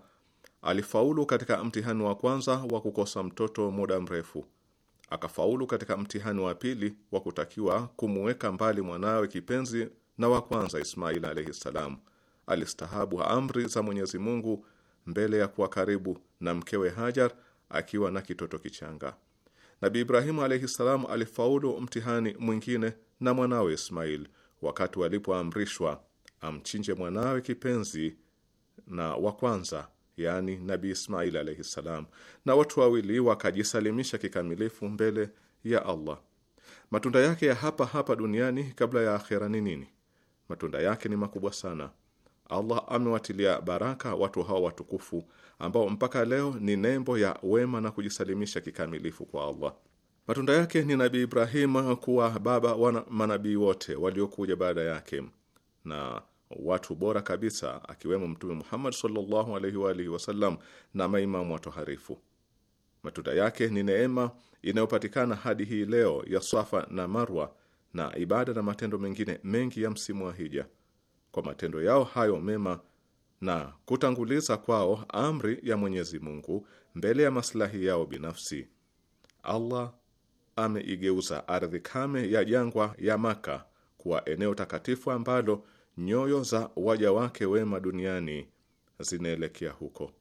alifaulu katika mtihani wa kwanza wa kukosa mtoto muda mrefu akafaulu katika mtihani wa pili wa kutakiwa kumuweka mbali mwanawe kipenzi na wa kwanza Ismail alaihi ssalam. Alistahabu amri za Mwenyezi Mungu mbele ya kuwa karibu na mkewe Hajar akiwa na kitoto kichanga. Nabi Ibrahimu alaihi salam alifaulu mtihani mwingine na mwanawe Ismail wakati walipoamrishwa amchinje mwanawe kipenzi na wa kwanza yani Nabi Ismail alaihi ssalam, na watu wawili wakajisalimisha kikamilifu mbele ya Allah. Matunda yake ya hapa hapa duniani kabla ya akhera ni nini? Matunda yake ni makubwa sana. Allah amewatilia baraka watu hao watukufu ambao mpaka leo ni nembo ya wema na kujisalimisha kikamilifu kwa Allah. Matunda yake ni Nabii Ibrahim kuwa baba wa manabii wote waliokuja baada yake na watu bora kabisa akiwemo Mtume Muhammad sallallahu alaihi wa alihi wasallam na maimamu watoharifu. Matunda yake ni neema inayopatikana hadi hii leo ya Swafa na Marwa na ibada na matendo mengine mengi ya msimu wa Hija. Kwa matendo yao hayo mema na kutanguliza kwao amri ya Mwenyezi Mungu mbele ya maslahi yao binafsi, Allah ameigeuza ardhi kame ya jangwa ya Maka kuwa eneo takatifu ambalo nyoyo za waja wake wema duniani zinaelekea huko,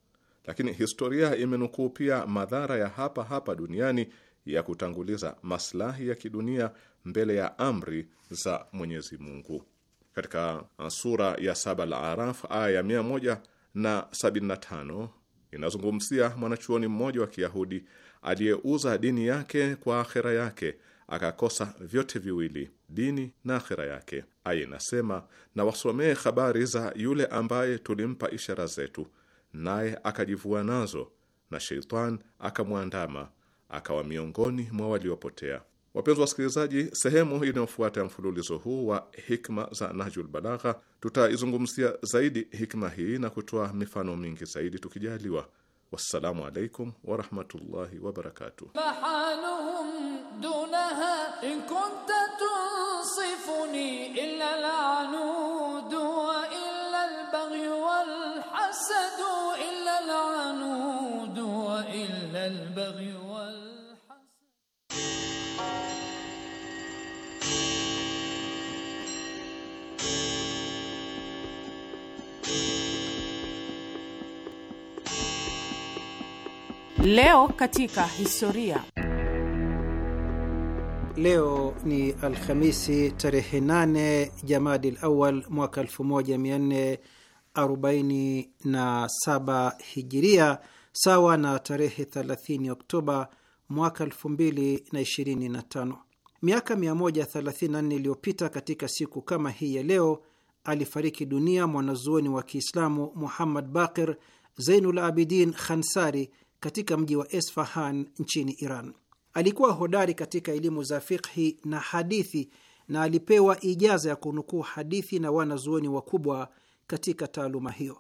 lakini historia imenukuu pia madhara ya hapa hapa duniani ya kutanguliza maslahi ya kidunia mbele ya amri za Mwenyezi Mungu. Katika sura ya saba la Araf aya ya mia moja na sabini na tano inazungumzia mwanachuoni mmoja wa Kiyahudi aliyeuza dini yake kwa akhera yake akakosa vyote viwili, dini na akhira yake. Aya inasema na wasomee habari za yule ambaye tulimpa ishara zetu, naye akajivua nazo, na sheitan akamwandama, akawa miongoni mwa waliopotea. Wapenzi wasikilizaji, sehemu inayofuata ya mfululizo huu wa hikma za Nahjul Balagha tutaizungumzia zaidi hikma hii na kutoa mifano mingi zaidi tukijaliwa. Wassalamu alaikum warahmatullahi wabarakatuh. البغي Leo katika historia. Leo ni Alhamisi tarehe 8 Jamadil Awal mwaka 1447 Hijiria, sawa na tarehe 30 Oktoba mwaka 2025. Miaka 134 iliyopita katika siku kama hii ya leo alifariki dunia mwanazuoni wa Kiislamu Muhammad Baqir Zainul Abidin Khansari katika mji wa Esfahan nchini Iran. Alikuwa hodari katika elimu za fikhi na hadithi na alipewa ijaza ya kunukuu hadithi na wanazuoni wakubwa katika taaluma hiyo.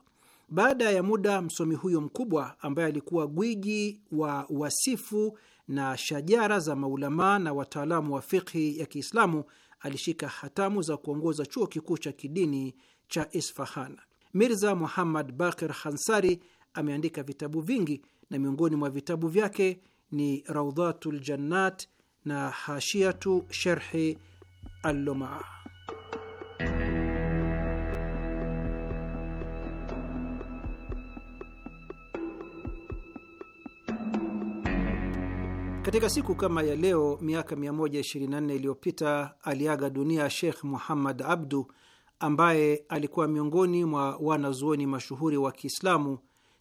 Baada ya muda, msomi huyo mkubwa ambaye alikuwa gwiji wa wasifu na shajara za maulamaa na wataalamu wa fikhi ya Kiislamu alishika hatamu za kuongoza chuo kikuu cha kidini cha Isfahan. Mirza Muhammad Bakir hansari ameandika vitabu vingi na miongoni mwa vitabu vyake ni raudhatu ljannat na Hashiatu Sherhi Allumaa. Katika siku kama ya leo miaka 124 iliyopita aliaga dunia Sheikh Muhammad Abdu ambaye alikuwa miongoni mwa wanazuoni mashuhuri wa Kiislamu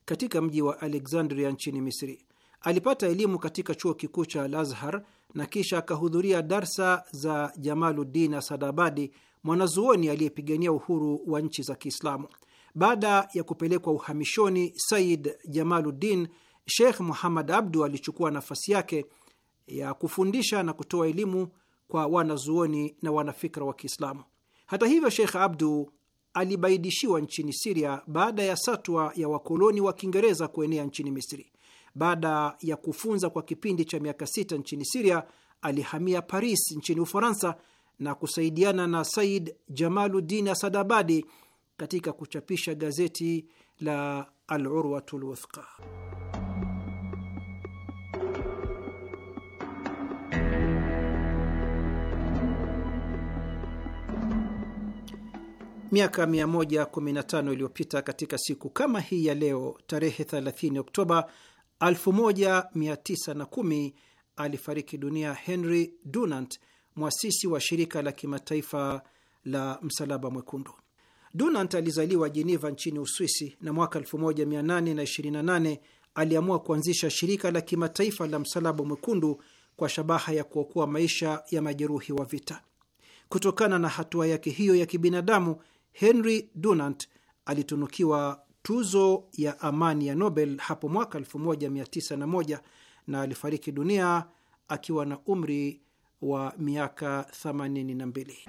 katika mji wa Alexandria nchini Misri. Alipata elimu katika chuo kikuu cha Al-Azhar na kisha akahudhuria darsa za Jamaluddin Asadabadi, mwanazuoni aliyepigania uhuru wa nchi za Kiislamu. Baada ya kupelekwa uhamishoni Said Jamaluddin, Sheikh Muhammad Abdu alichukua nafasi yake ya kufundisha na kutoa elimu kwa wanazuoni na wanafikra wa Kiislamu. Hata hivyo, Sheikh Abdu alibaidishiwa nchini Siria baada ya satwa ya wakoloni wa Kiingereza kuenea nchini Misri. Baada ya kufunza kwa kipindi cha miaka sita nchini Siria, alihamia Paris nchini Ufaransa na kusaidiana na Said Jamaludin Asadabadi katika kuchapisha gazeti la Alurwatu Miaka 115 iliyopita katika siku kama hii ya leo, tarehe 30 Oktoba 1910 alifariki dunia Henry Dunant, mwasisi wa shirika la kimataifa la Msalaba Mwekundu. Dunant alizaliwa Jeneva nchini Uswisi, na mwaka 1828 aliamua kuanzisha shirika la kimataifa la Msalaba Mwekundu kwa shabaha ya kuokoa maisha ya majeruhi wa vita. Kutokana na hatua yake hiyo ya kibinadamu Henry Dunant alitunukiwa tuzo ya amani ya Nobel hapo mwaka 1901 na, na alifariki dunia akiwa na umri wa miaka 82.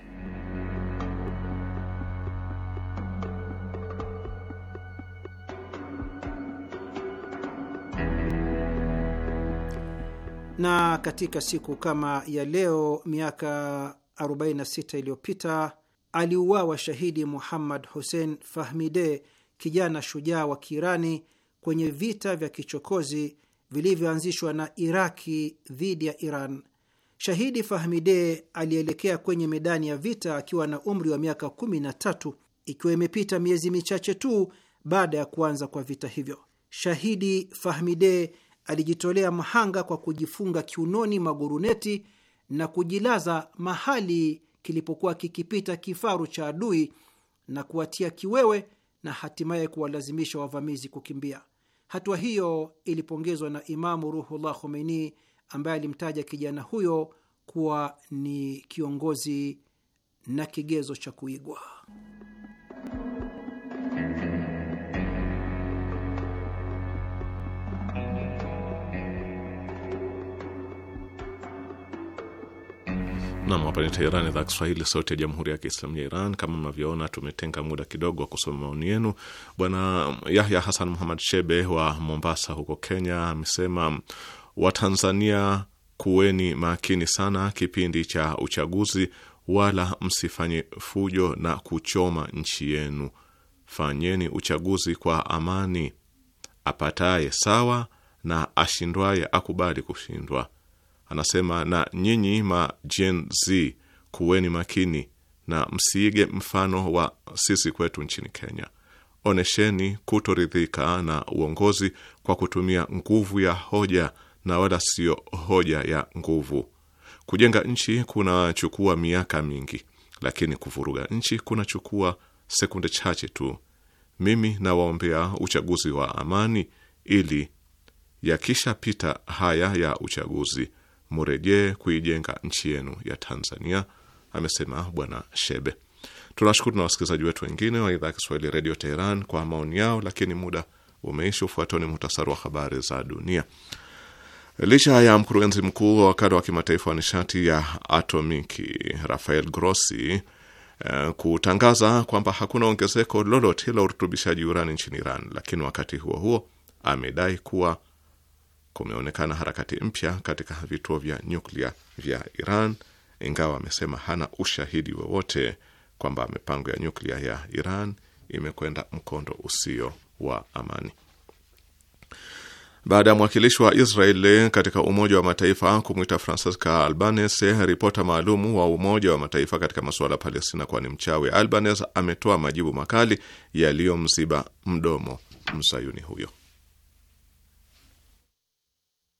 na katika siku kama ya leo miaka 46 iliyopita aliuawa shahidi Muhammad Hussein Fahmide, kijana shujaa wa Kiirani kwenye vita vya kichokozi vilivyoanzishwa na Iraki dhidi ya Iran. Shahidi Fahmide alielekea kwenye medani ya vita akiwa na umri wa miaka 13 ikiwa imepita miezi michache tu baada ya kuanza kwa vita hivyo. Shahidi Fahmide alijitolea mhanga kwa kujifunga kiunoni maguruneti na kujilaza mahali kilipokuwa kikipita kifaru cha adui na kuwatia kiwewe na hatimaye kuwalazimisha wavamizi kukimbia. Hatua hiyo ilipongezwa na Imamu Ruhullah Khomeini ambaye alimtaja kijana huyo kuwa ni kiongozi na kigezo cha kuigwa. Nam, hapa ni Teherani, idhaa Kiswahili, sauti ya jamhuri ya kiislamu ya Iran. Kama mnavyoona, tumetenga muda kidogo wa kusoma maoni yenu. Bwana Yahya Hasan Muhamad Shebe wa Mombasa huko Kenya amesema Watanzania kuweni makini sana kipindi cha uchaguzi, wala msifanye fujo na kuchoma nchi yenu. Fanyeni uchaguzi kwa amani, apataye sawa na ashindwaye akubali kushindwa Anasema, na nyinyi ma Gen Z kuweni makini na msiige mfano wa sisi kwetu nchini Kenya. Onesheni kutoridhika na uongozi kwa kutumia nguvu ya hoja na wala siyo hoja ya nguvu. Kujenga nchi kunachukua miaka mingi, lakini kuvuruga nchi kunachukua sekunde chache tu. Mimi nawaombea uchaguzi wa amani, ili yakishapita haya ya uchaguzi murejee kuijenga nchi yenu ya Tanzania, amesema Bwana Shebe. Tunashukuru na wasikilizaji wetu wengine wa idhaa ya Kiswahili Redio Teheran kwa maoni yao, lakini muda umeishi. Ufuatao ni muhtasari wa habari za dunia. Licha ya mkurugenzi mkuu wa wakala wa kimataifa wa nishati ya atomiki Rafael Grossi eh, kutangaza kwamba hakuna ongezeko lolote la urutubishaji urani nchini Iran, lakini wakati huo huo amedai kuwa kumeonekana harakati mpya katika vituo vya nyuklia vya Iran, ingawa amesema hana ushahidi wowote kwamba mipango ya nyuklia ya Iran imekwenda mkondo usio wa amani. Baada ya mwakilishi wa Israeli katika Umoja wa Mataifa kumwita Francisca Albanese, ripota maalumu wa Umoja wa Mataifa katika masuala ya Palestina, kwani mchawi Albanese ametoa majibu makali yaliyomziba mdomo mzayuni huyo.